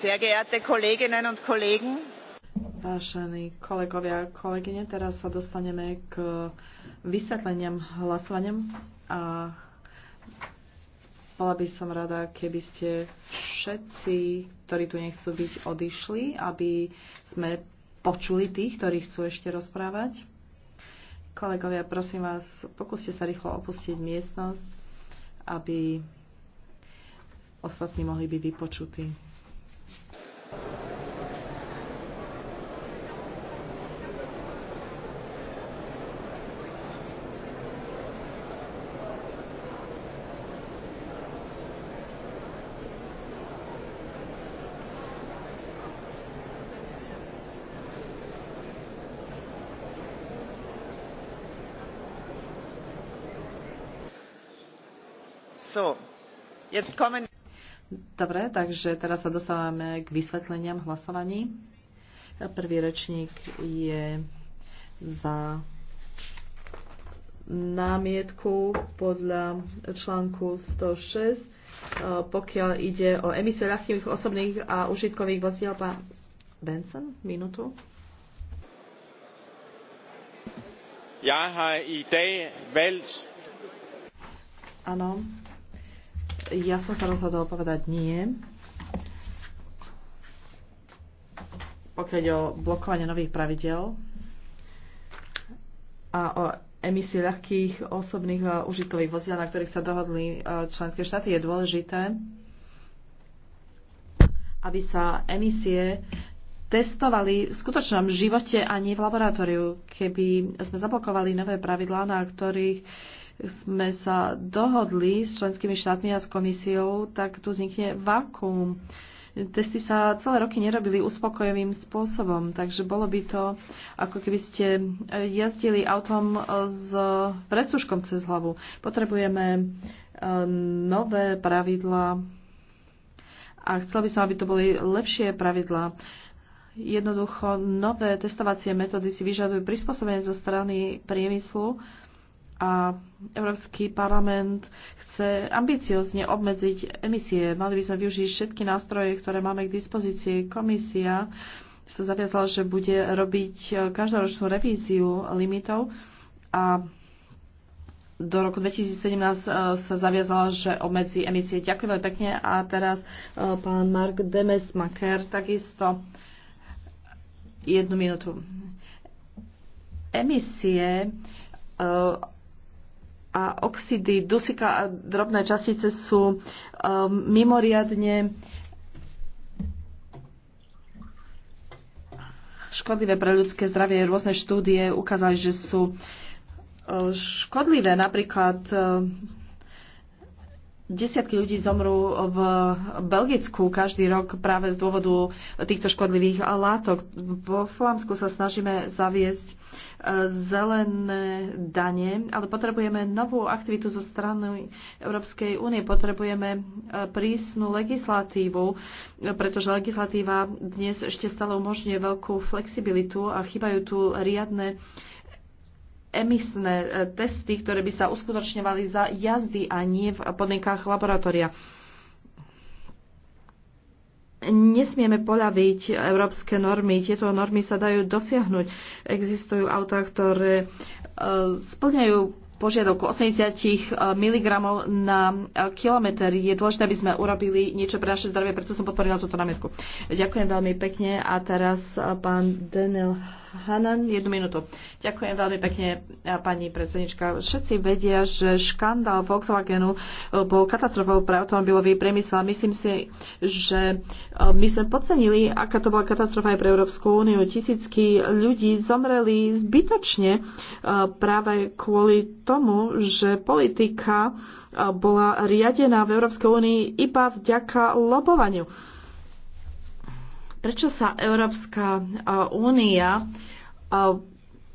Sehr geehrte Kolleginnen und Kollegen, Vážení kolegovia a kolegyne, teraz sa dostaneme k vysvetleniam hlasovaniam a bola by som rada, keby ste všetci, ktorí tu nechcú byť, odišli, aby sme počuli tých, ktorí chcú ešte rozprávať. Kolegovia, prosím vás, pokúste sa rýchlo opustiť miestnosť, aby ostatní mohli byť vypočutí. Dobre, takže teraz sa dostávame k vysvetleniam hlasovaní. Prvý rečník je za námietku podľa článku 106, pokiaľ ide o emisie ľahkých osobných a užitkových vozidiel. Pán Benson, minútu. Ja har i Áno, ja som sa rozhodol povedať nie. Pokiaľ o blokovanie nových pravidel a o emisie ľahkých osobných a e, užitkových vozidel, na ktorých sa dohodli e, členské štáty, je dôležité, aby sa emisie testovali v skutočnom živote a nie v laboratóriu. Keby sme zablokovali nové pravidlá, na ktorých sme sa dohodli s členskými štátmi a s komisiou, tak tu vznikne vakuum. Testy sa celé roky nerobili uspokojivým spôsobom, takže bolo by to, ako keby ste jazdili autom s predsúškom cez hlavu. Potrebujeme e, nové pravidla a chcel by som, aby to boli lepšie pravidlá. Jednoducho, nové testovacie metódy si vyžadujú prispôsobenie zo strany priemyslu, a Európsky parlament chce ambiciozne obmedziť emisie. Mali by sme využiť všetky nástroje, ktoré máme k dispozícii. Komisia sa zaviazala, že bude robiť e, každoročnú revíziu limitov a do roku 2017 e, sa zaviazala, že obmedzí emisie. Ďakujem veľmi pekne. A teraz e, pán Mark Demesmaker takisto jednu minútu. Emisie a oxidy dusika a drobné častice sú um, mimoriadne škodlivé pre ľudské zdravie. Rôzne štúdie ukázali, že sú uh, škodlivé. Napríklad uh, Desiatky ľudí zomrú v Belgicku každý rok práve z dôvodu týchto škodlivých látok. Vo Flámsku sa snažíme zaviesť e, zelené dane, ale potrebujeme novú aktivitu zo strany Európskej únie. Potrebujeme e, prísnu legislatívu, e, pretože legislatíva dnes ešte stále umožňuje veľkú flexibilitu a chýbajú tu riadne emisné e, testy, ktoré by sa uskutočňovali za jazdy a nie v podmienkách laboratória. Nesmieme poľaviť európske normy. Tieto normy sa dajú dosiahnuť. Existujú autá, ktoré e, splňajú požiadavku 80 e, mg na kilometr. Je dôležité, aby sme urobili niečo pre naše zdravie, preto som podporila túto námietku. Ďakujem veľmi pekne a teraz pán Daniel Hanan, jednu minútu. Ďakujem veľmi pekne, pani predsednička. Všetci vedia, že škandál Volkswagenu e, bol katastrofou pre automobilový priemysel. Myslím si, že e, my sme podcenili, aká to bola katastrofa aj pre Európsku úniu. Tisícky ľudí zomreli zbytočne e, práve kvôli tomu, že politika bola riadená v Európskej únii iba vďaka lobovaniu Prečo sa Európska únia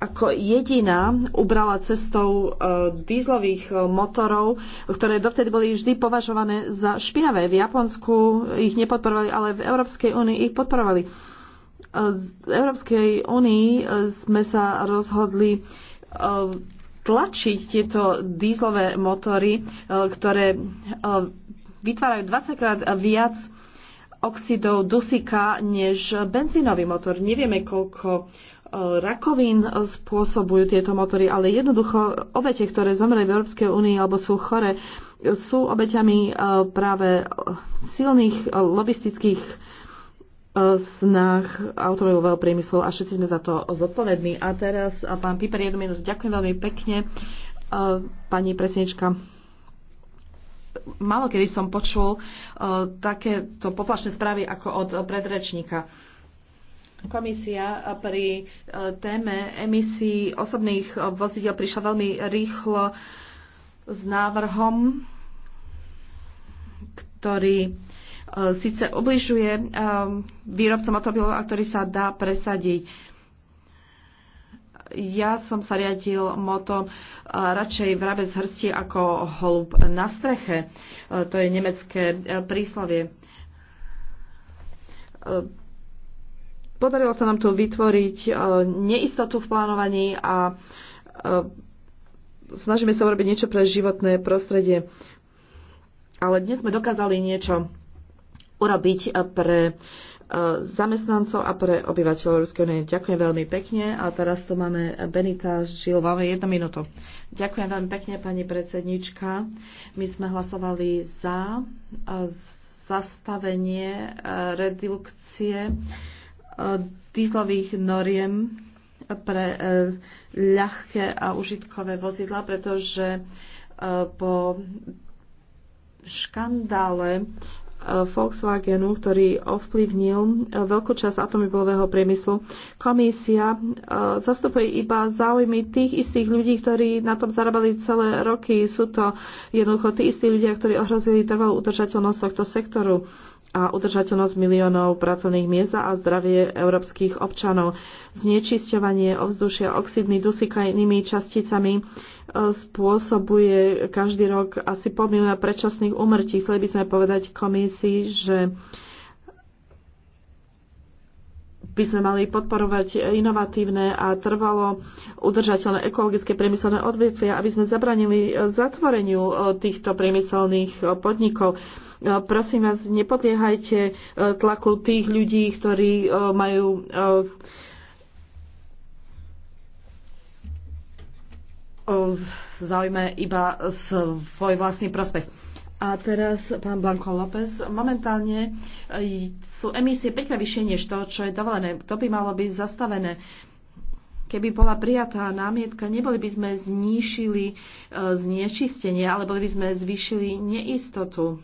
ako jediná ubrala cestou dízlových motorov, ktoré dovtedy boli vždy považované za špinavé. V Japonsku ich nepodporovali, ale v Európskej únii ich podporovali. V Európskej únii sme sa rozhodli tlačiť tieto dízlové motory, ktoré vytvárajú 20 krát viac oxidov dusika než benzínový motor. Nevieme, koľko e, rakovín spôsobujú tieto motory, ale jednoducho obete, ktoré zomreli v Európskej únii alebo sú chore, sú obeťami e, práve e, silných lobistických snách automobilového priemyslu a všetci sme za to zodpovední. A teraz, pán Piper, jednu minútu. Ďakujem veľmi pekne, pani presnička malo kedy som počul e, takéto poplašné správy ako od predrečníka. Komisia pri e, téme emisí osobných vozidel prišla veľmi rýchlo s návrhom, ktorý e, síce ubližuje výrobcom automobilov a ktorý sa dá presadiť ja som sa riadil motom radšej vrabec hrsti ako holub na streche. E, to je nemecké e, príslovie. E, podarilo sa nám tu vytvoriť neistotu v plánovaní a snažíme sa urobiť niečo pre životné prostredie. Ale dnes sme dokázali niečo urobiť pre uh, zamestnancov a pre obyvateľov Európskej únie. Ďakujem veľmi pekne a teraz tu máme Benita Žil. Máme jednu minútu. Ďakujem veľmi pekne, pani predsednička. My sme hlasovali za e, zastavenie e, redukcie e, dýzlových noriem pre ľahké a užitkové vozidla, pretože po škandále Volkswagenu, ktorý ovplyvnil eh, veľkú časť atomobilového priemyslu. Komisia eh, zastupuje iba záujmy tých istých ľudí, ktorí na tom zarábali celé roky. Sú to jednoducho tí istí ľudia, ktorí ohrozili trvalú udržateľnosť tohto sektoru a udržateľnosť miliónov pracovných miest a zdravie európskych občanov. Znečisťovanie ovzdušia oxidmi dusíka inými časticami e, spôsobuje každý rok asi pol milióna predčasných umrtí. Chceli by sme povedať komisii, že by sme mali podporovať inovatívne a trvalo udržateľné ekologické priemyselné odvetvia, aby sme zabranili zatvoreniu e, týchto priemyselných podnikov. Prosím vás, nepodliehajte e, tlaku tých ľudí, ktorí e, majú e, zaujme iba svoj vlastný prospech. A teraz pán Blanco López. Momentálne sú emisie pekne vyššie než to, čo je dovolené. To by malo byť zastavené. Keby bola prijatá námietka, neboli by sme zníšili znečistenie, ale boli by sme zvýšili neistotu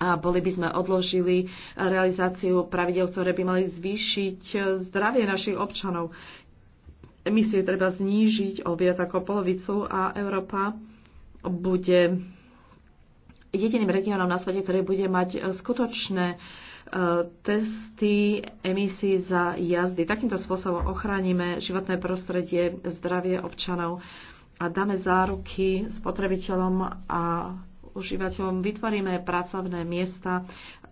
a boli by sme odložili realizáciu pravidel, ktoré by mali zvýšiť zdravie našich občanov. Emisie treba znížiť o viac ako polovicu a Európa bude jediným regiónom na svete, ktorý bude mať e, skutočné e, testy emisí za jazdy. Takýmto spôsobom ochránime životné prostredie, zdravie občanov a dáme záruky spotrebiteľom a užívateľom vytvoríme pracovné miesta e,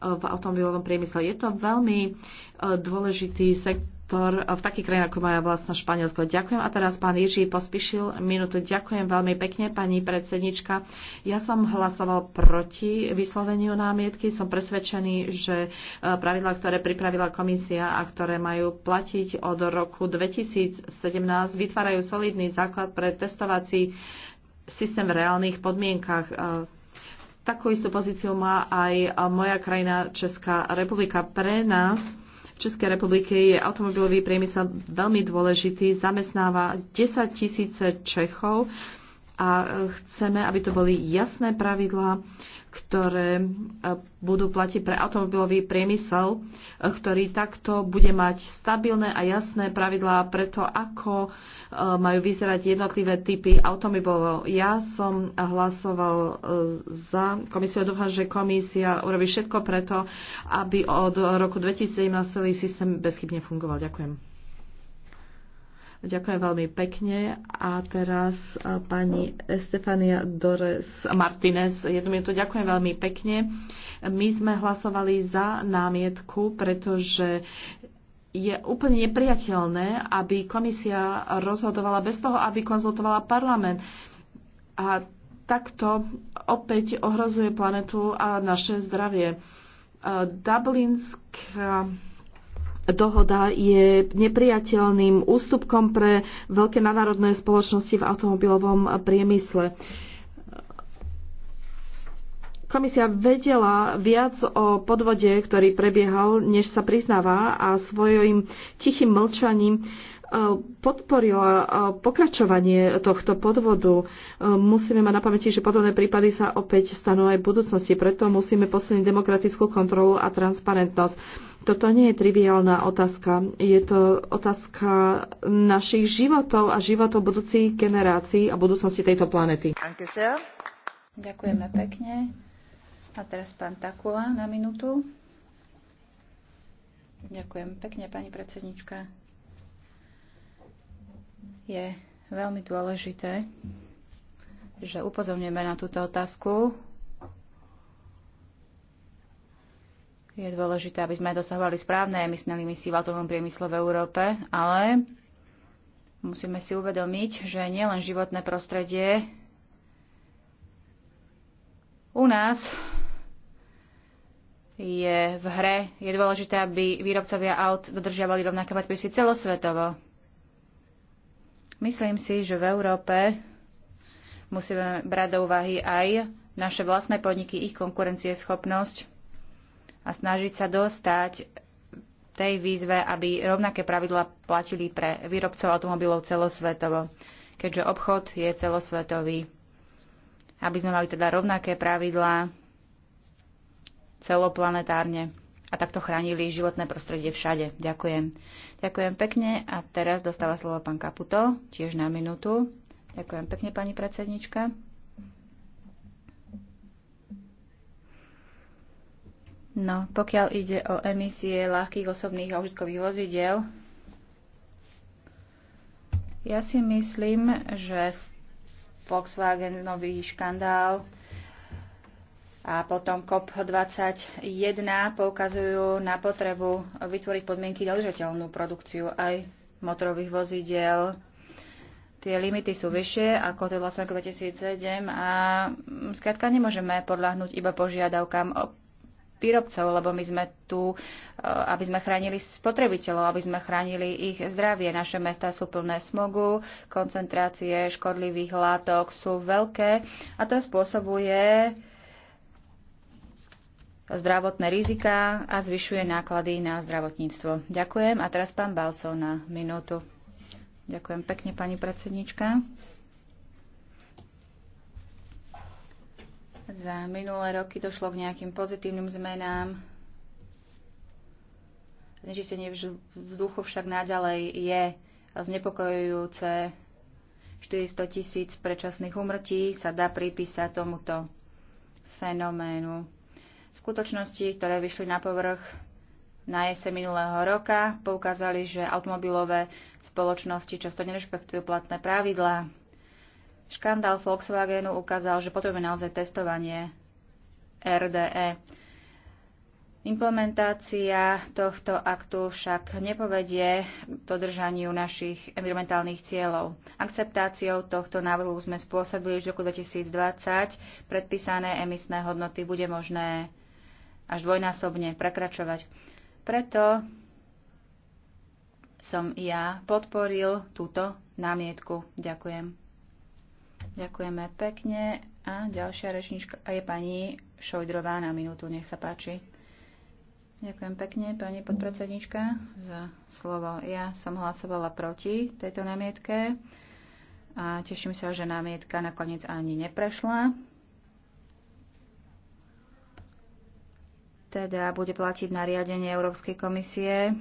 v automobilovom priemysle. Je to veľmi e, dôležitý sektor e, v takých krajinách, ako moja vlastná Španielsko. Ďakujem. A teraz pán Jiří pospíšil minútu. Ďakujem veľmi pekne, pani predsednička. Ja som hlasoval proti vysloveniu námietky. Som presvedčený, že pravidlá, ktoré pripravila komisia a ktoré majú platiť od roku 2017, vytvárajú solidný základ pre testovací systém v reálnych podmienkach Takú istú pozíciu má aj moja krajina Česká republika. Pre nás v Českej republike je automobilový priemysel veľmi dôležitý, zamestnáva 10 tisíce Čechov a chceme, aby to boli jasné pravidlá, ktoré e, budú platiť pre automobilový priemysel, e, ktorý takto bude mať stabilné a jasné pravidlá pre to, ako e, majú vyzerať jednotlivé typy automobilov. Ja som hlasoval za komisiu a dúfam, že komisia urobí všetko preto, aby od roku 2017 celý systém bezchybne fungoval. Ďakujem. Ďakujem veľmi pekne. A teraz pani Estefania Dores Martinez. Jednu minútu. Ďakujem veľmi pekne. My sme hlasovali za námietku, pretože je úplne nepriateľné, aby komisia rozhodovala bez toho, aby konzultovala parlament. A takto opäť ohrozuje planetu a naše zdravie. Dublinská dohoda je nepriateľným ústupkom pre veľké nadnárodné spoločnosti v automobilovom priemysle. Komisia vedela viac o podvode, ktorý prebiehal, než sa priznáva a svojim tichým mlčaním podporila e, pokračovanie tohto podvodu. E, musíme mať na pamäti, že podobné prípady sa opäť stanú aj v budúcnosti, preto musíme posilniť demokratickú kontrolu a transparentnosť. Toto nie je triviálna otázka. Je to otázka našich životov a životov budúcich generácií a budúcnosti tejto planety. Ďakujeme pekne. A teraz pán Takula na minútu. Ďakujem pekne, pani predsednička. Je veľmi dôležité, že upozorňujeme na túto otázku. Je dôležité, aby sme dosahovali správne emisné limity v atomovom priemysle v Európe, ale musíme si uvedomiť, že nielen životné prostredie u nás je v hre. Je dôležité, aby výrobcovia aut dodržiavali rovnaké predpisy celosvetovo. Myslím si, že v Európe musíme brať do úvahy aj naše vlastné podniky, ich konkurencieschopnosť a snažiť sa dostať tej výzve, aby rovnaké pravidla platili pre výrobcov automobilov celosvetovo, keďže obchod je celosvetový. Aby sme mali teda rovnaké pravidlá celoplanetárne a takto chránili životné prostredie všade. Ďakujem. Ďakujem pekne a teraz dostáva slovo pán Kaputo, tiež na minútu. Ďakujem pekne, pani predsednička. No, pokiaľ ide o emisie ľahkých osobných a užitkových vozidiel, ja si myslím, že Volkswagenový škandál a potom COP21 poukazujú na potrebu vytvoriť podmienky na udržateľnú produkciu aj motorových vozidiel. Tie limity sú vyššie ako to vlastne 2007 a mm, skrátka nemôžeme podľahnúť iba požiadavkám výrobcov, lebo my sme tu, e, aby sme chránili spotrebiteľov, aby sme chránili ich zdravie. Naše mesta sú plné smogu, koncentrácie škodlivých látok sú veľké a to spôsobuje zdravotné riziká a zvyšuje náklady na zdravotníctvo. Ďakujem. A teraz pán Balcov na minútu. Ďakujem pekne, pani predsednička. Za minulé roky došlo k nejakým pozitívnym zmenám. Znečistenie vzduchu však naďalej je znepokojujúce. 400 tisíc predčasných umrtí sa dá pripísať tomuto fenoménu. Skutočnosti, ktoré vyšli na povrch na jese minulého roka, poukázali, že automobilové spoločnosti často nerešpektujú platné pravidlá. Škandál Volkswagenu ukázal, že potrebujeme naozaj testovanie RDE. Implementácia tohto aktu však nepovedie k dodržaniu našich environmentálnych cieľov. Akceptáciou tohto návrhu sme spôsobili, že v roku 2020 predpísané emisné hodnoty bude možné až dvojnásobne prekračovať. Preto som ja podporil túto námietku. Ďakujem. Ďakujeme pekne. A ďalšia rečnička je pani Šojdrová na minútu. Nech sa páči. Ďakujem pekne, pani podpredsednička, za slovo. Ja som hlasovala proti tejto námietke a teším sa, že námietka nakoniec ani neprešla. Teda bude platiť nariadenie Európskej komisie,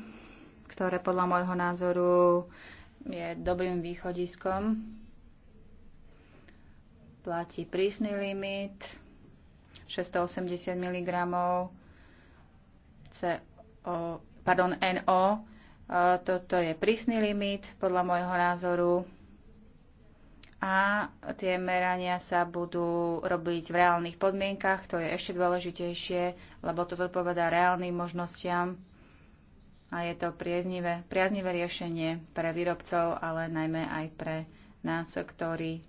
ktoré podľa môjho názoru je dobrým východiskom. Platí prísny limit 680 mg CO, pardon, NO. Toto je prísny limit podľa môjho názoru a tie merania sa budú robiť v reálnych podmienkach, to je ešte dôležitejšie, lebo to zodpoveda reálnym možnostiam a je to priaznivé, priaznivé riešenie pre výrobcov, ale najmä aj pre nás, ktorí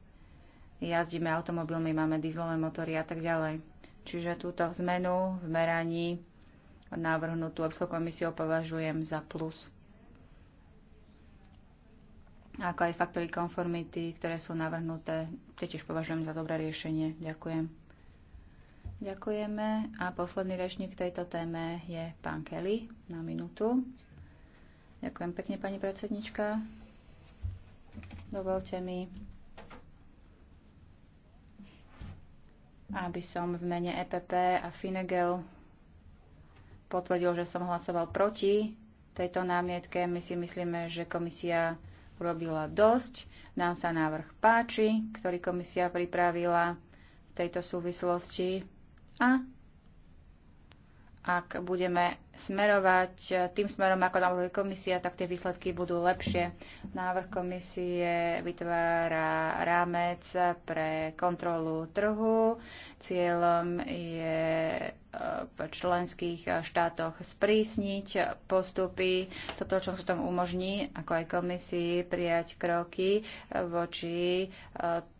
jazdíme automobilmi, máme dieselové motory a tak ďalej. Čiže túto zmenu v meraní navrhnutú Európskou komisiou považujem za plus ako aj faktory konformity, ktoré sú navrhnuté, tie tiež považujem za dobré riešenie. Ďakujem. Ďakujeme a posledný rečník tejto téme je pán Kelly na minútu. Ďakujem pekne, pani predsednička. Dovolte mi, aby som v mene EPP a Finegel potvrdil, že som hlasoval proti tejto námietke. My si myslíme, že komisia urobila dosť. Nám sa návrh páči, ktorý komisia pripravila v tejto súvislosti a ak budeme smerovať e, tým smerom, ako navrhuje komisia, tak tie výsledky budú lepšie. Návrh komisie vytvára rámec pre kontrolu trhu. Cieľom je e, v členských štátoch sprísniť postupy. Toto, čo sa tom umožní, ako aj komisii, prijať kroky voči e,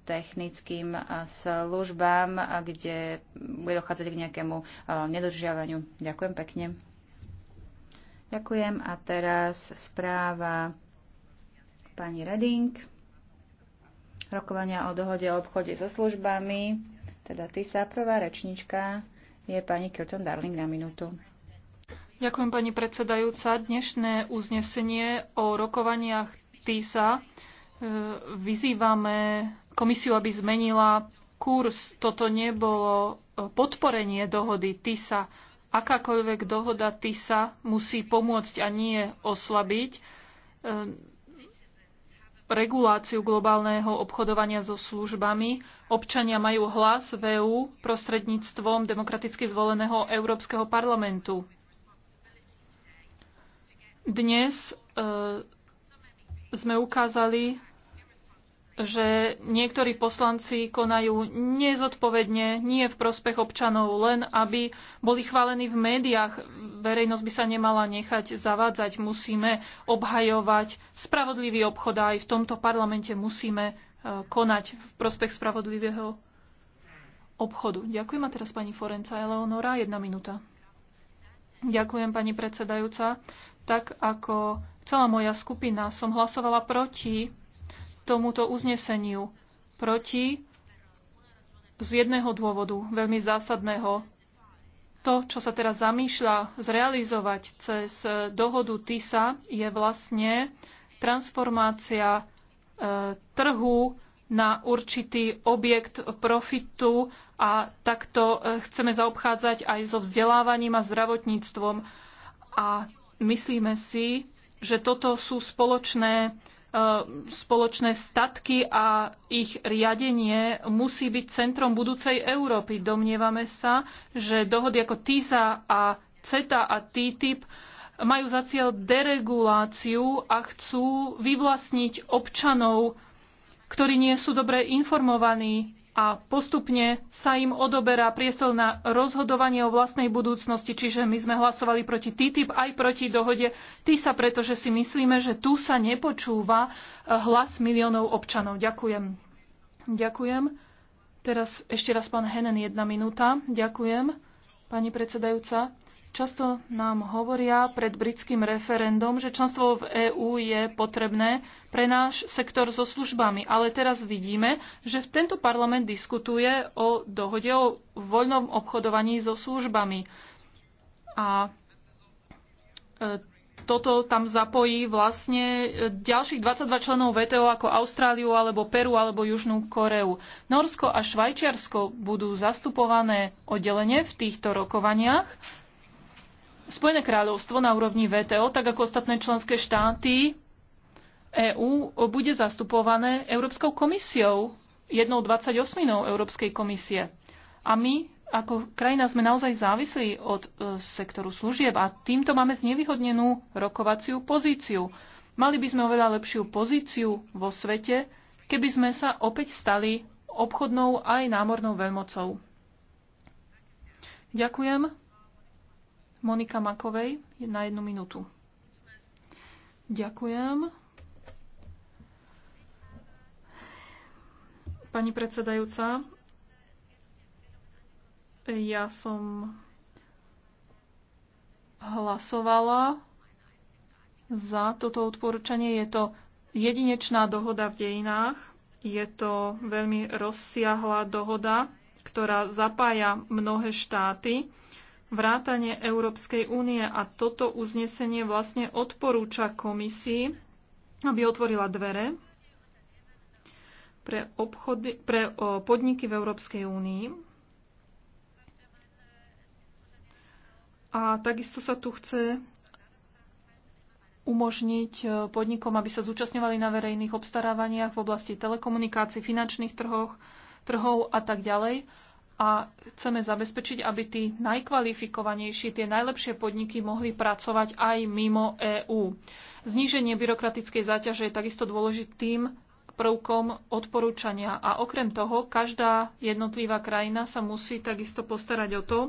technickým službám, kde bude dochádzať k nejakému nedodržiavaniu. Ďakujem pekne. Ďakujem a teraz správa pani Reding. Rokovania o dohode o obchode so službami, teda TISA, prvá rečnička je pani Kirton Darling na minútu. Ďakujem pani predsedajúca. Dnešné uznesenie o rokovaniach TISA e, vyzývame komisiu, aby zmenila kurz. Toto nebolo e, podporenie dohody TISA. Akákoľvek dohoda TISA musí pomôcť a nie oslabiť e, reguláciu globálneho obchodovania so službami. Občania majú hlas v EU prostredníctvom demokraticky zvoleného Európskeho parlamentu. Dnes e, sme ukázali, že niektorí poslanci konajú nezodpovedne, nie v prospech občanov, len aby boli chválení v médiách. Verejnosť by sa nemala nechať zavádzať. Musíme obhajovať spravodlivý obchod a aj v tomto parlamente musíme e, konať v prospech spravodlivého obchodu. Ďakujem a teraz pani Forenca Eleonora. Jedna minúta. Ďakujem pani predsedajúca. Tak ako celá moja skupina som hlasovala proti tomuto uzneseniu. Proti z jedného dôvodu, veľmi zásadného. To, čo sa teraz zamýšľa zrealizovať cez dohodu TISA, je vlastne transformácia e, trhu na určitý objekt profitu a takto e, chceme zaobchádzať aj so vzdelávaním a zdravotníctvom. A myslíme si, že toto sú spoločné E, spoločné statky a ich riadenie musí byť centrom budúcej Európy. Domnievame sa, že dohody ako TISA a CETA a TTIP majú za cieľ dereguláciu a chcú vyvlastniť občanov, ktorí nie sú dobre informovaní a postupne sa im odoberá priestor na rozhodovanie o vlastnej budúcnosti, čiže my sme hlasovali proti TTIP aj proti dohode TISA, pretože si myslíme, že tu sa nepočúva eh, hlas miliónov občanov. Ďakujem. Ďakujem. Teraz ešte raz pán Henen, jedna minúta. Ďakujem, pani predsedajúca. Často nám hovoria pred britským referendom, že členstvo v EÚ je potrebné pre náš sektor so službami, ale teraz vidíme, že tento parlament diskutuje o dohode o voľnom obchodovaní so službami. A e, toto tam zapojí vlastne e, ďalších 22 členov VTO ako Austráliu alebo Peru alebo Južnú Koreu. Norsko a Švajčiarsko budú zastupované oddelenie v týchto rokovaniach Spojené kráľovstvo na úrovni VTO, tak ako ostatné členské štáty EÚ, bude zastupované Európskou komisiou, jednou 28 Európskej komisie. A my ako krajina sme naozaj závislí od e, sektoru služieb a týmto máme znevýhodnenú rokovaciu pozíciu. Mali by sme oveľa lepšiu pozíciu vo svete, keby sme sa opäť stali obchodnou aj námornou veľmocou. Ďakujem. Monika Makovej na jednu minútu. Ďakujem. Pani predsedajúca, ja som hlasovala za toto odporúčanie. Je to jedinečná dohoda v dejinách. Je to veľmi rozsiahla dohoda, ktorá zapája mnohé štáty vrátanie Európskej únie a toto uznesenie vlastne odporúča komisii, aby otvorila dvere pre, obchody, pre podniky v Európskej únii. A takisto sa tu chce umožniť e, podnikom, aby sa zúčastňovali na verejných obstarávaniach v oblasti telekomunikácií, finančných trhoch, trhov a tak ďalej a chceme zabezpečiť, aby tí najkvalifikovanejší, tie najlepšie podniky mohli pracovať aj mimo EÚ. Zníženie byrokratickej záťaže je takisto dôležitým prvkom odporúčania a okrem toho každá jednotlivá krajina sa musí takisto postarať o to,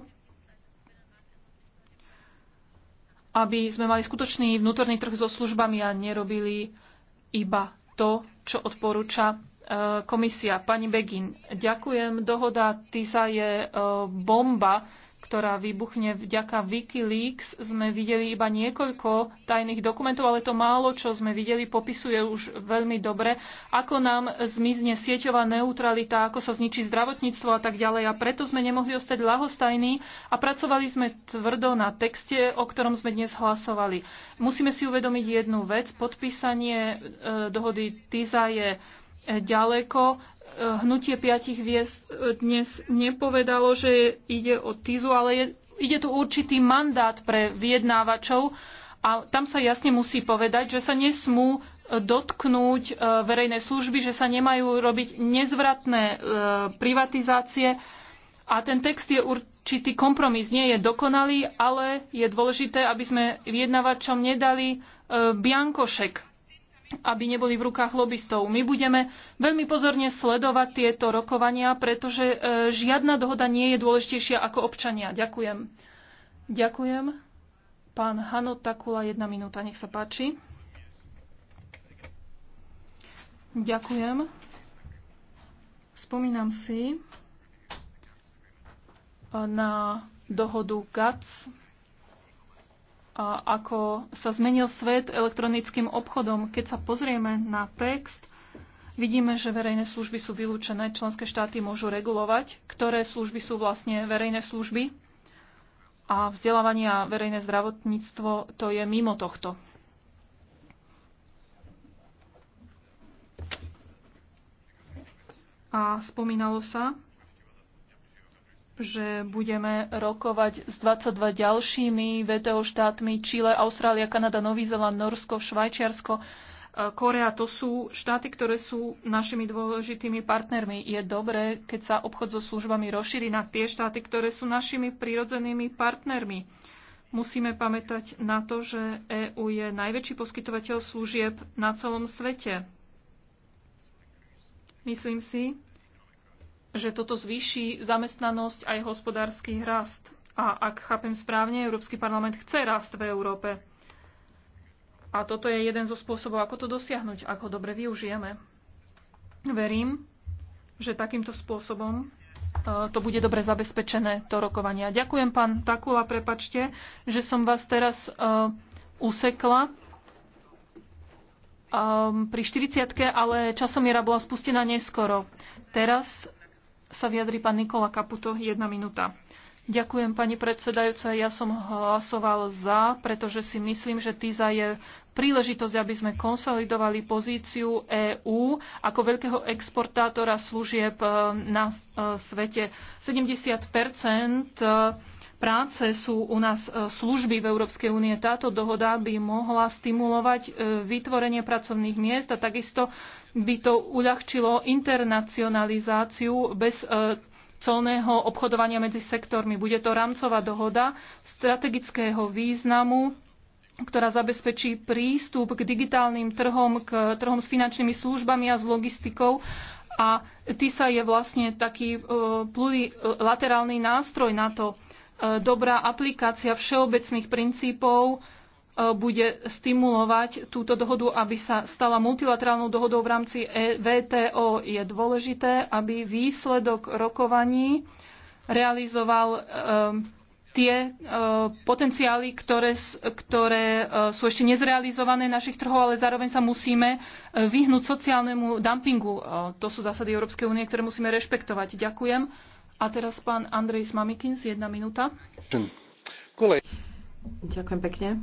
aby sme mali skutočný vnútorný trh so službami a nerobili iba to, čo odporúča komisia. Pani Begin, ďakujem. Dohoda TISA je e, bomba, ktorá vybuchne vďaka Wikileaks. Sme videli iba niekoľko tajných dokumentov, ale to málo, čo sme videli, popisuje už veľmi dobre, ako nám zmizne sieťová neutralita, ako sa zničí zdravotníctvo a tak ďalej. A preto sme nemohli ostať lahostajní a pracovali sme tvrdo na texte, o ktorom sme dnes hlasovali. Musíme si uvedomiť jednu vec. Podpísanie e, dohody TISA je ďaleko. E, hnutie piatich hviezd e, dnes nepovedalo, že ide o TIZu, ale je, ide tu určitý mandát pre vyjednávačov a tam sa jasne musí povedať, že sa nesmú e, dotknúť verejné služby, že sa nemajú robiť nezvratné privatizácie. A ten text je určitý kompromis, nie je dokonalý, ale je dôležité, aby sme vyjednávačom nedali biankošek aby neboli v rukách lobbystov. My budeme veľmi pozorne sledovať tieto rokovania, pretože e, žiadna dohoda nie je dôležitejšia ako občania. Ďakujem. Ďakujem. Pán Hano Takula, jedna minúta, nech sa páči. Ďakujem. Spomínam si e, na dohodu GATS ako sa zmenil svet elektronickým obchodom. Keď sa pozrieme na text, vidíme, že verejné služby sú vylúčené. Členské štáty môžu regulovať, ktoré služby sú vlastne verejné služby. A vzdelávanie a verejné zdravotníctvo to je mimo tohto. A spomínalo sa, že budeme rokovať s 22 ďalšími VTO štátmi Čile, Austrália, Kanada, Nový Zeland, Norsko, Švajčiarsko, e, Korea. To sú štáty, ktoré sú našimi dôležitými partnermi. Je dobré, keď sa obchod so službami rozšíri na tie štáty, ktoré sú našimi prirodzenými partnermi. Musíme pamätať na to, že EÚ je najväčší poskytovateľ služieb na celom svete. Myslím si, že toto zvýši zamestnanosť aj hospodársky rast. A ak chápem správne, Európsky parlament chce rast v Európe. A toto je jeden zo spôsobov, ako to dosiahnuť, ako ho dobre využijeme. Verím, že takýmto spôsobom e, to bude dobre zabezpečené, to rokovania. Ďakujem, pán Takula, prepačte, že som vás teraz uh, usekla um, pri 40 ale časomiera bola spustená neskoro. Teraz sa vyjadri pán Nikola Kaputo, jedna minúta. Ďakujem, pani predsedajúca. Ja som hlasoval za, pretože si myslím, že TISA je príležitosť, aby sme konsolidovali pozíciu EÚ ako veľkého exportátora služieb eh, na eh, svete. 70 práce sú u nás e, služby v Európskej únie. Táto dohoda by mohla stimulovať e, vytvorenie pracovných miest a takisto by to uľahčilo internacionalizáciu bez e, colného obchodovania medzi sektormi. Bude to rámcová dohoda strategického významu ktorá zabezpečí prístup k digitálnym trhom, k trhom s finančnými službami a s logistikou. A TISA je vlastne taký plurilaterálny nástroj na to. E, dobrá aplikácia všeobecných princípov e, bude stimulovať túto dohodu, aby sa stala multilaterálnou dohodou v rámci e, VTO. Je dôležité, aby výsledok rokovaní realizoval tie potenciály, ktoré, ktoré sú ešte nezrealizované našich trhov, ale zároveň sa musíme vyhnúť sociálnemu dumpingu. To sú zásady Európskej únie, ktoré musíme rešpektovať. Ďakujem. A teraz pán Andrej Smamikins, jedna minúta. Ďakujem pekne.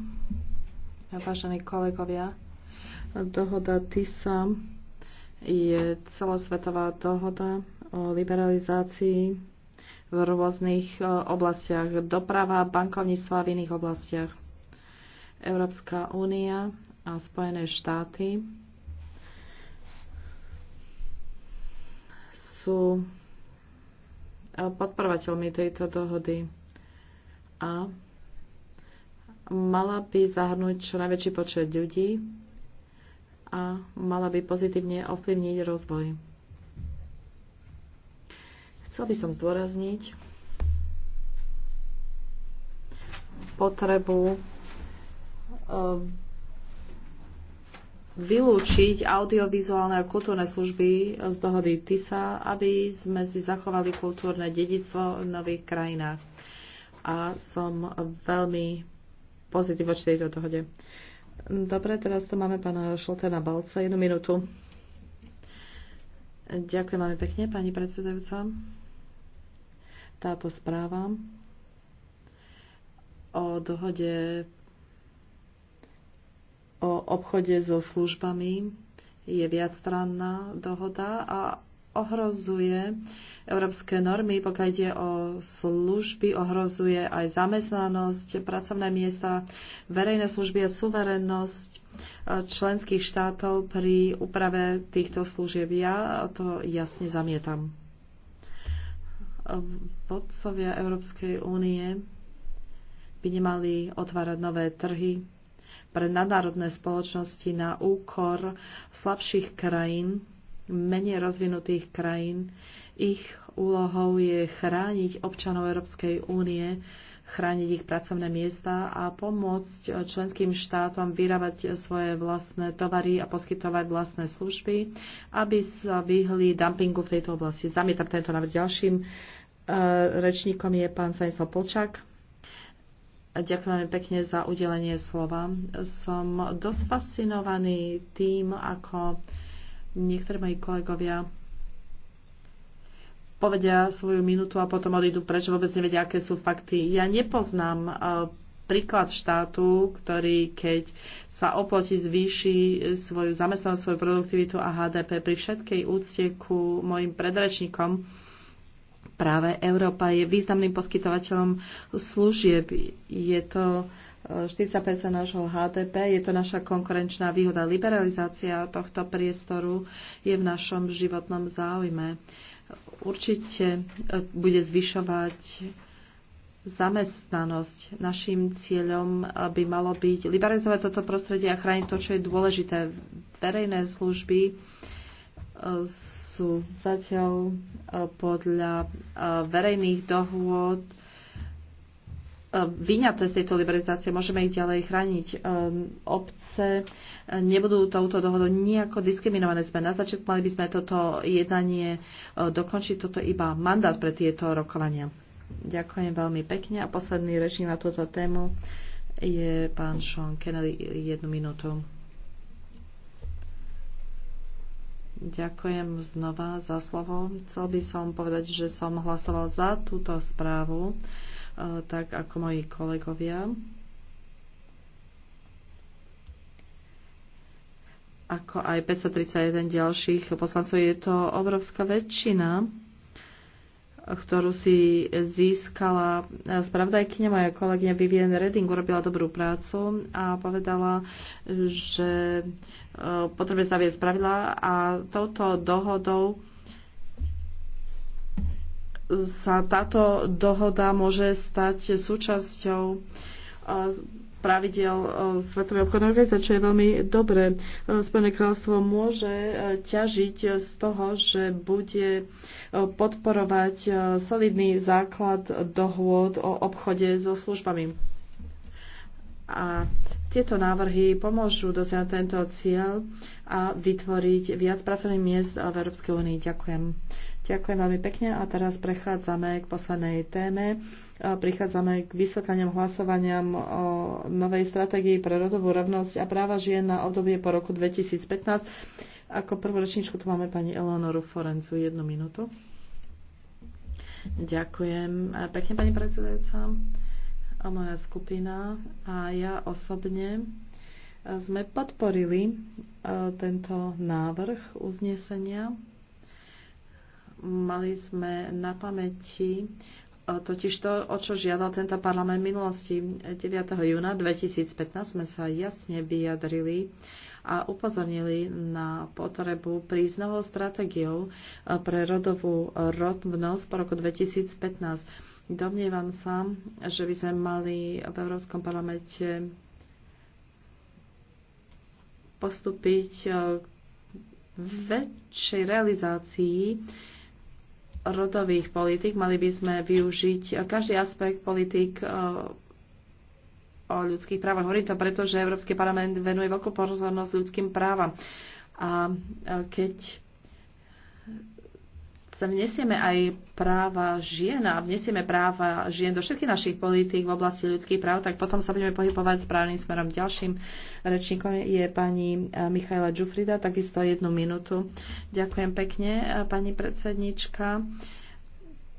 Vážení kolegovia, dohoda TISA je celosvetová dohoda o liberalizácii v rôznych e, oblastiach doprava, bankovníctva v iných oblastiach. Európska únia a Spojené štáty sú podporovateľmi tejto dohody. A mala by zahrnúť čo najväčší počet ľudí a mala by pozitívne ovplyvniť rozvoj. Chcel by som zdôrazniť potrebu vylúčiť audiovizuálne a kultúrne služby z dohody TISA, aby sme si zachovali kultúrne dedictvo v nových krajinách. A som veľmi pozitívna v tejto dohode. Dobre, teraz tu máme pána Šlotena Balca. Jednu minútu. Ďakujem veľmi pekne, pani predsedajúca. Táto správa o dohode o obchode so službami je viacstranná dohoda a ohrozuje európske normy, pokiaľ ide o služby, ohrozuje aj zamestnanosť, pracovné miesta, verejné služby a suverennosť členských štátov pri úprave týchto služieb. Ja to jasne zamietam. Vodcovia Európskej únie by nemali otvárať nové trhy pre nadnárodné spoločnosti na úkor slabších krajín, menej rozvinutých krajín. Ich úlohou je chrániť občanov Európskej únie, chrániť ich pracovné miesta a pomôcť členským štátom vyrábať svoje vlastné tovary a poskytovať vlastné služby, aby sa vyhli dumpingu v tejto oblasti. Zamietam tento návrh. Ďalším eh, rečníkom je pán Stanislav Polčák. Ďakujem pekne za udelenie slova. Som dosť fascinovaný tým, ako niektorí moji kolegovia povedia svoju minútu a potom odídu prečo vôbec nevedia, aké sú fakty. Ja nepoznám e, príklad štátu, ktorý keď sa oplotí, zvýši svoju zamestnanosť, svoju produktivitu a HDP pri všetkej úcte ku mojim predrečníkom, práve Európa je významným poskytovateľom služieb. Je to 40 e, nášho HDP, je to naša konkurenčná výhoda. Liberalizácia tohto priestoru je v našom životnom záujme. Určite e, bude zvyšovať zamestnanosť. Našim cieľom e, by malo byť liberalizovať toto prostredie a chrániť to, čo je dôležité. Verejné služby sú zatiaľ e, podľa e, verejných dohôd e, vyňaté z tejto liberalizácie, môžeme ich ďalej chrániť. Obce nebudú touto dohodou nejako diskriminované. Sme na začiatku, mali by sme toto jednanie dokončiť, toto iba mandát pre tieto rokovania. Ďakujem veľmi pekne a posledný rečník na túto tému je pán Sean Kennedy jednu minútu. Ďakujem znova za slovo. Chcel by som povedať, že som hlasoval za túto správu, e, tak ako moji kolegovia. Ako aj 531 ďalších poslancov, je to obrovská väčšina ktorú si získala spravodajkyňa. Moja kolegyňa Vivian Redding urobila dobrú prácu a povedala, že e, potrebuje zaviesť pravidla a touto dohodou sa táto dohoda môže stať súčasťou e, pravidel e, Svetovej obchodnej organizácie, čo je veľmi dobré. E, Spojené kráľovstvo môže e, ťažiť z toho, že bude podporovať solidný základ dohôd o obchode so službami. A tieto návrhy pomôžu dosiahnuť tento cieľ a vytvoriť viac pracovných miest v Európskej únii. Ďakujem. Ďakujem veľmi pekne a teraz prechádzame k poslednej téme. Prichádzame k vysvetleniam hlasovaniam o novej stratégii pre rodovú rovnosť a práva žien na obdobie po roku 2015. Ako prvú tu máme pani Eleonoru Forencu. Jednu minútu. Ďakujem pekne, pani predsedajúca. A moja skupina a ja osobne sme podporili e, tento návrh uznesenia Mali sme na pamäti e, totiž to, o čo žiadal tento parlament v minulosti. 9. júna 2015 sme sa jasne vyjadrili a upozornili na potrebu prísť novou stratégiou e, pre rodovú rovnosť po roku 2015. Domnievam sa, že by sme mali v Európskom parlamente postúpiť k e, väčšej realizácii rodových politik. Mali by sme využiť každý aspekt politik eh, o ľudských právach. Hovorím to preto, že Európsky parlament venuje veľkú pozornosť ľudským právam. A eh, keď sa vnesieme aj práva žien a vnesieme práva žien do všetkých našich politík v oblasti ľudských práv, tak potom sa budeme pohybovať správnym smerom. Ďalším rečníkom je pani eh, Michaela Džufrida, takisto jednu minútu. Ďakujem pekne, eh, pani predsednička.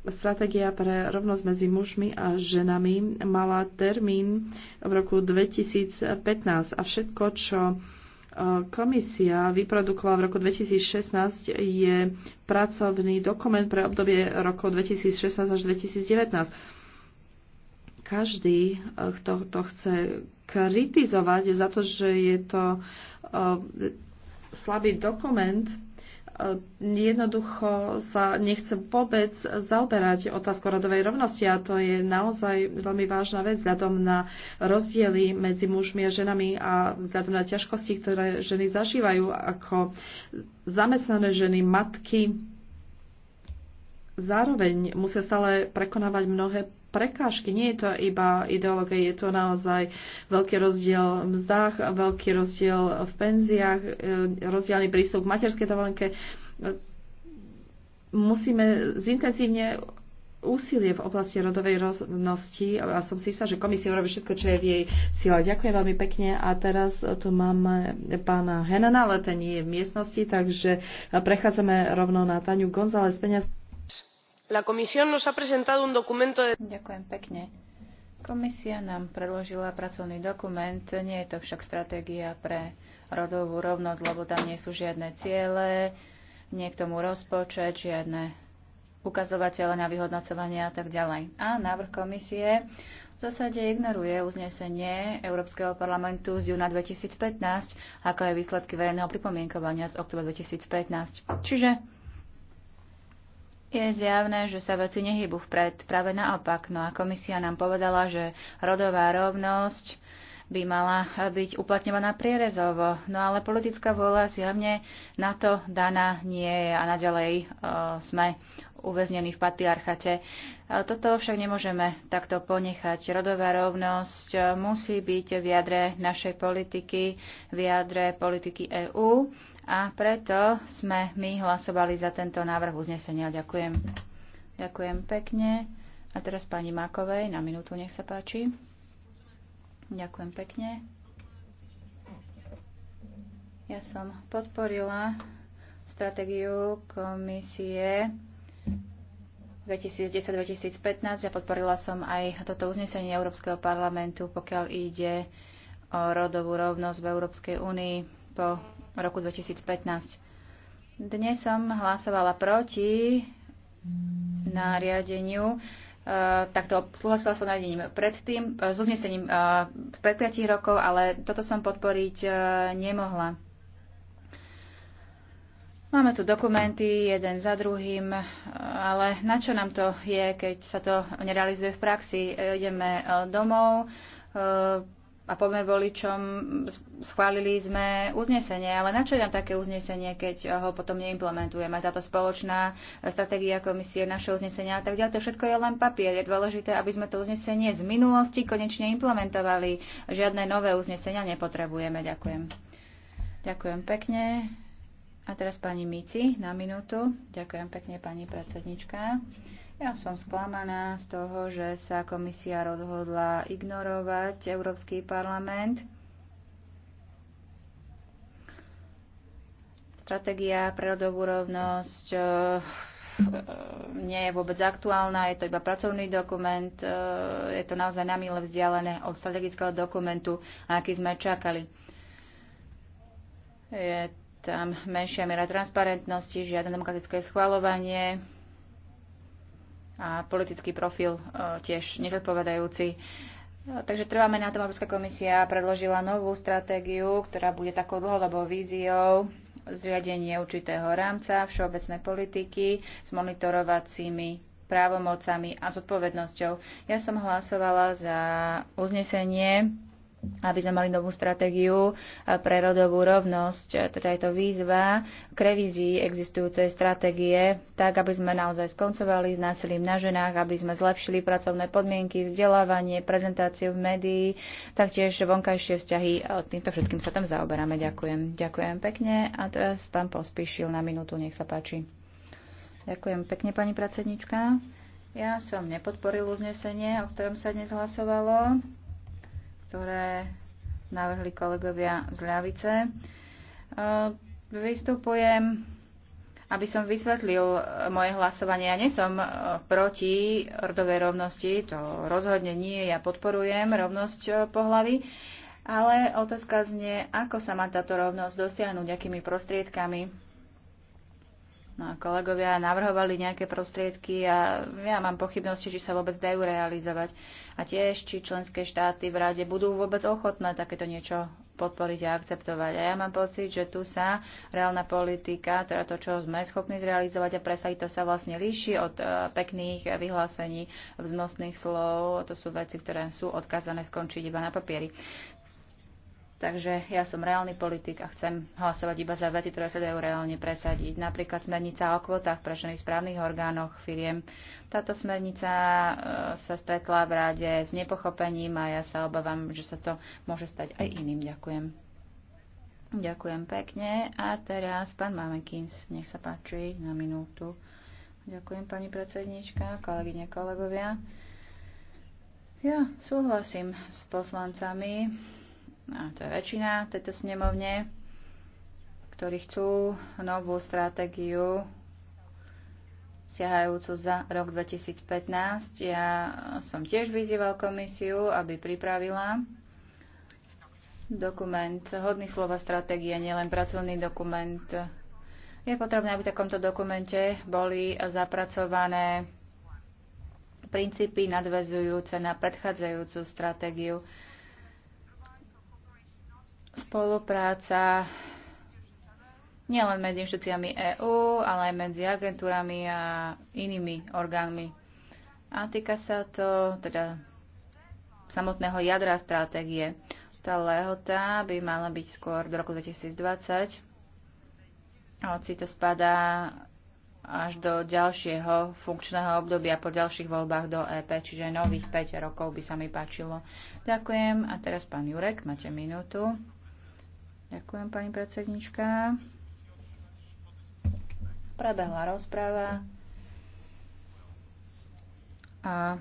Stratégia pre rovnosť medzi mužmi a ženami mala termín v roku 2015 a všetko, čo Komisia vyprodukovala v roku 2016 je pracovný dokument pre obdobie rokov 2016 až 2019. Každý, eh, kto to chce kritizovať za to, že je to eh, slabý dokument, E, jednoducho sa nechcem vôbec zaoberať otázkou rodovej rovnosti a to je naozaj veľmi vážna vec vzhľadom na rozdiely medzi mužmi a ženami a vzhľadom na ťažkosti, ktoré ženy zažívajú ako zamestnané ženy, matky. Zároveň musia stále prekonávať mnohé prekážky. Nie je to iba ideológia, je to naozaj veľký rozdiel v mzdách, veľký rozdiel v penziách, e, rozdielny prístup k materskej dovolenke. Musíme zintenzívne úsilie v oblasti rodovej rovnosti a som si istá, že komisia robí všetko, čo je v jej sile. Ďakujem veľmi pekne a teraz tu máme pána Henana, ale ten nie je v miestnosti, takže prechádzame rovno na Taniu González Peňa. La comisión nos ha presentado un documento de... Ďakujem pekne. Komisia nám predložila pracovný dokument, nie je to však stratégia pre rodovú rovnosť, lebo tam nie sú žiadne ciele, nie k tomu rozpočet, žiadne ukazovatele na vyhodnocovanie a tak ďalej. A návrh komisie v zásade ignoruje uznesenie Európskeho parlamentu z júna 2015, ako aj výsledky verejného pripomienkovania z oktobra 2015. Čiže je zjavné, že sa veci nehybu vpred, práve naopak. No a komisia nám povedala, že rodová rovnosť by mala byť uplatňovaná prierezovo. No ale politická vôľa zjavne na to daná nie je a naďalej e, sme uväznení v patriarchate. E, toto však nemôžeme takto ponechať. Rodová rovnosť e, musí byť v jadre našej politiky, v jadre politiky EÚ a preto sme my hlasovali za tento návrh uznesenia. Ďakujem. Ďakujem pekne. A teraz pani Makovej, na minútu nech sa páči. Ďakujem pekne. Ja som podporila stratégiu komisie 2010-2015 a ja podporila som aj toto uznesenie Európskeho parlamentu, pokiaľ ide o rodovú rovnosť v Európskej únii po roku 2015. Dnes som hlasovala proti nariadeniu, e, takto súhlasila som nariadením predtým, e, s uznesením e, pred 5 rokov, ale toto som podporiť nemohla. Máme tu dokumenty jeden za druhým, ale na čo nám to je, keď sa to nerealizuje v praxi? Ideme domov, a poďme voličom, schválili sme uznesenie, ale na čo je nám také uznesenie, keď ho potom neimplementujeme? Táto spoločná stratégia komisie, naše uznesenia a tak ďalej, to všetko je len papier. Je dôležité, aby sme to uznesenie z minulosti konečne implementovali. Žiadne nové uznesenia nepotrebujeme. Ďakujem. Ďakujem pekne. A teraz pani Mici na minútu. Ďakujem pekne, pani predsednička. Ja som sklamaná z toho, že sa komisia rozhodla ignorovať Európsky parlament. Stratégia pre rodovú rovnosť eh, eh, nie je vôbec aktuálna, je to iba pracovný dokument, eh, je to naozaj na mile vzdialené od strategického dokumentu, aký sme čakali. Je tam menšia miera transparentnosti, žiadne demokratické schvalovanie, a politický profil e, tiež nezodpovedajúci. E, takže trváme na tom, Európska komisia predložila novú stratégiu, ktorá bude takou dlhodobou víziou zriadenie určitého rámca všeobecnej politiky s monitorovacími právomocami a zodpovednosťou. Ja som hlasovala za uznesenie aby sme mali novú stratégiu eh, pre rodovú rovnosť. Eh, teda je to výzva k revízii existujúcej stratégie, tak aby sme naozaj skoncovali s násilím na ženách, aby sme zlepšili pracovné podmienky, vzdelávanie, prezentáciu v médii, taktiež vonkajšie vzťahy. Týmto všetkým sa tam zaoberáme. Ďakujem. Ďakujem pekne. A teraz pán Pospíšil na minútu, nech sa páči. Ďakujem pekne, pani predsednička. Ja som nepodporil uznesenie, o ktorom sa dnes hlasovalo ktoré navrhli kolegovia z ľavice. E, vystupujem, aby som vysvetlil moje hlasovanie. Ja nie som e, proti rodovej rovnosti, to rozhodne nie, ja podporujem rovnosť e, pohlavy, ale otázka znie, ako sa má táto rovnosť dosiahnuť, akými prostriedkami. No kolegovia navrhovali nejaké prostriedky a ja mám pochybnosti, či sa vôbec dajú realizovať. A tiež, či členské štáty v rade budú vôbec ochotné takéto niečo podporiť a akceptovať. A ja mám pocit, že tu sa reálna politika, teda to, čo sme schopní zrealizovať a presadiť, to sa vlastne líši od e, pekných vyhlásení, vznosných slov. To sú veci, ktoré sú odkazané skončiť iba na papieri. Takže ja som reálny politik a chcem hlasovať iba za veci, ktoré sa dajú reálne presadiť. Napríklad smernica o kvotách pre ženy správnych orgánoch firiem. Táto smernica e, sa stretla v rade s nepochopením a ja sa obávam, že sa to môže stať aj iným. Ďakujem. Ďakujem pekne. A teraz pán Mamekins, nech sa páči na minútu. Ďakujem pani predsednička, kolegyne, kolegovia. Ja súhlasím s poslancami a to je väčšina tejto snemovne, ktorí chcú novú stratégiu siahajúcu za rok 2015. Ja som tiež vyzýval komisiu, aby pripravila dokument, hodný slova stratégia, nielen pracovný dokument. Je potrebné, aby v takomto dokumente boli zapracované princípy nadvezujúce na predchádzajúcu stratégiu. Spolupráca nielen medzi inštitúciami EÚ, ale aj medzi agentúrami a inými orgánmi. A týka sa to teda samotného jadra stratégie. Tá lehota by mala byť skôr do roku 2020, hoci to spadá až do ďalšieho funkčného obdobia po ďalších voľbách do EP, čiže nových 5 rokov by sa mi páčilo. Ďakujem a teraz pán Jurek, máte minútu. Ďakujem, pani predsednička. Prebehla rozpráva a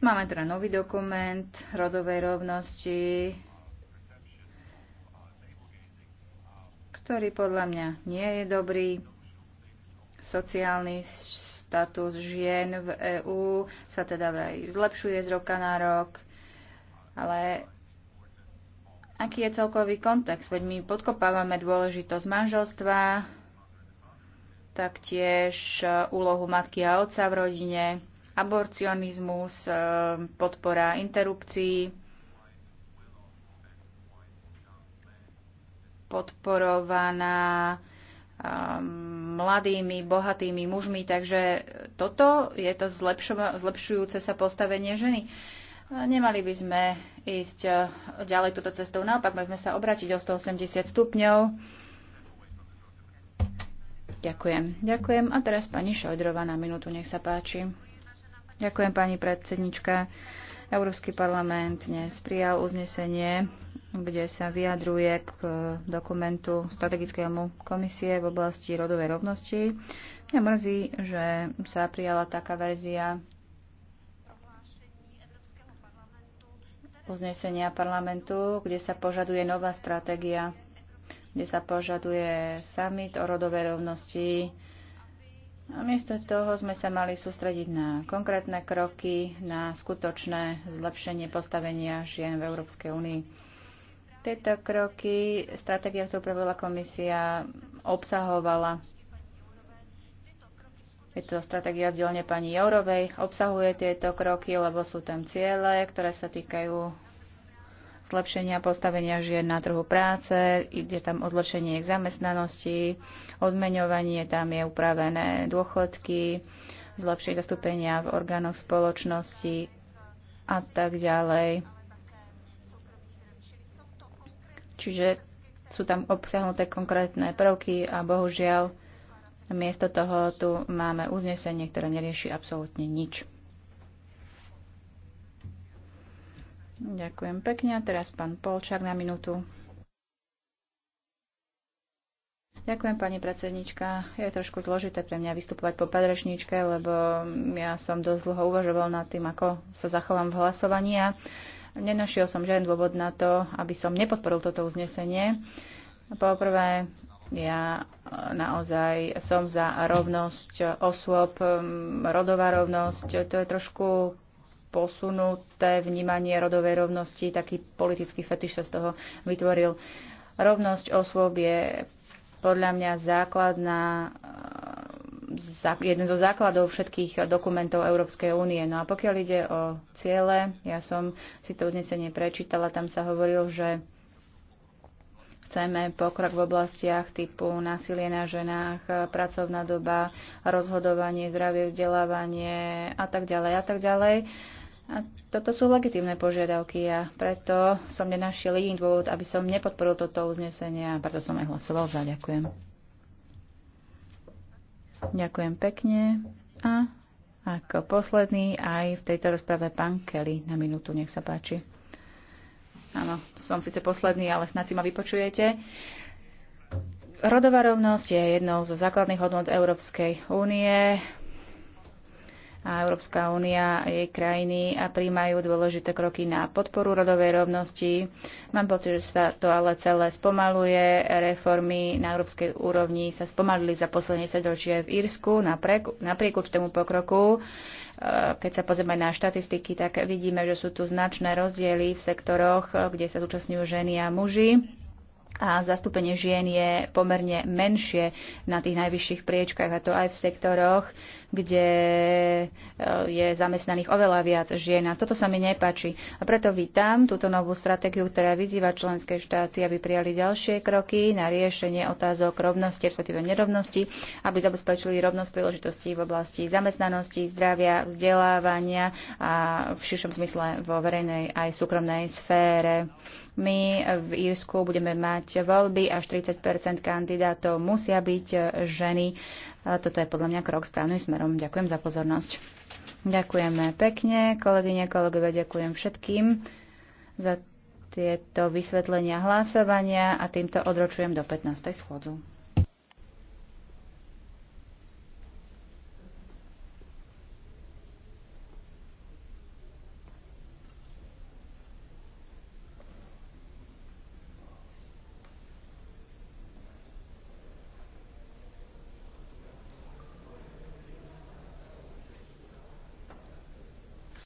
máme teda nový dokument rodovej rovnosti, ktorý podľa mňa nie je dobrý. Sociálny status žien v EÚ sa teda vraj zlepšuje z roka na rok, ale aký je celkový kontext, veď my podkopávame dôležitosť manželstva, taktiež e, úlohu matky a otca v rodine, aborcionizmus, e, podpora interrupcií, podporovaná ehm, mladými, bohatými mužmi, takže toto je to zlepšujúce sa postavenie ženy. Nemali by sme ísť eh, ďalej túto cestou. Naopak, môžeme sa obrátiť o 180 stupňov. Ďakujem. Ďakujem. A teraz pani Šojdrova na minútu, nech sa páči. Ďakujem, pani predsednička. Európsky parlament dnes prijal uznesenie, kde sa vyjadruje k eh, dokumentu strategickému komisie v oblasti rodovej rovnosti. Mňa mrzí, že sa prijala taká verzia uznesenia parlamentu, kde sa požaduje nová stratégia, kde sa požaduje summit o rodovej rovnosti. A miesto toho sme sa mali sústrediť na konkrétne kroky, na skutočné zlepšenie postavenia žien v Európskej únii. Tieto kroky, stratégia, ktorú prevedla komisia, obsahovala je to stratégia z dielne pani Jourovej, obsahuje tieto kroky, lebo sú tam ciele, ktoré sa týkajú zlepšenia postavenia žien na trhu práce, ide tam o zlepšenie ich zamestnanosti, odmeňovanie tam je upravené dôchodky, zlepšie zastúpenia v orgánoch spoločnosti a tak ďalej. Čiže sú tam obsahnuté konkrétne prvky a bohužiaľ Miesto toho tu máme uznesenie, ktoré nerieši absolútne nič. Ďakujem pekne. teraz pán Polčák na minútu. Ďakujem, pani predsednička. Je trošku zložité pre mňa vystupovať po predrečníčke, lebo ja som dosť dlho uvažoval nad tým, ako sa zachovám v hlasovaní a nenašiel som žiaden dôvod na to, aby som nepodporil toto uznesenie. Poprvé, ja e, naozaj som za rovnosť osôb, rodová rovnosť. To je trošku posunuté vnímanie rodovej rovnosti, taký politický fetiš sa z toho vytvoril. Rovnosť osôb je podľa mňa základná, e, jeden zo základov všetkých dokumentov Európskej únie. No a pokiaľ ide o ciele, ja som si to uznesenie prečítala, tam sa hovorilo, že Chceme pokrok v oblastiach typu násilie na ženách, pracovná doba, rozhodovanie, zdravie, vzdelávanie a tak ďalej a tak ďalej. A toto sú legitímne požiadavky a preto som nenašiel iný dôvod, aby som nepodporil toto uznesenie a preto som aj hlasoval za. Ďakujem. Ďakujem pekne. A ako posledný aj v tejto rozprave pán Kelly na minútu, nech sa páči. Áno, som síce posledný, ale snad si ma vypočujete. Rodová rovnosť je jednou zo základných hodnot Európskej únie a Európska únia a jej krajiny a príjmajú dôležité kroky na podporu rodovej rovnosti. Mám pocit, že sa to ale celé spomaluje. Reformy na európskej úrovni sa spomalili za posledné sedročie v Írsku napriek, napriek určitému pokroku. E, keď sa pozrieme na štatistiky, tak vidíme, že sú tu značné rozdiely v sektoroch, kde sa zúčastňujú ženy a muži a zastúpenie žien je pomerne menšie na tých najvyšších priečkách a to aj v sektoroch, kde e, je zamestnaných oveľa viac žien a toto sa mi nepáči. A preto vítam túto novú stratégiu, ktorá vyzýva členské štáty, aby prijali ďalšie kroky na riešenie otázok rovnosti, respektíve nerovnosti, aby zabezpečili rovnosť príležitostí v oblasti zamestnanosti, zdravia, vzdelávania a v širšom zmysle vo verejnej aj súkromnej sfére. My v Írsku budeme mať konať voľby, až 30 kandidátov musia byť e, ženy. Toto je podľa mňa krok správnym smerom. Ďakujem za pozornosť. Ďakujeme pekne, kolegyne, kolegovia, ďakujem všetkým za tieto vysvetlenia hlasovania a týmto odročujem do 15. schôdzu.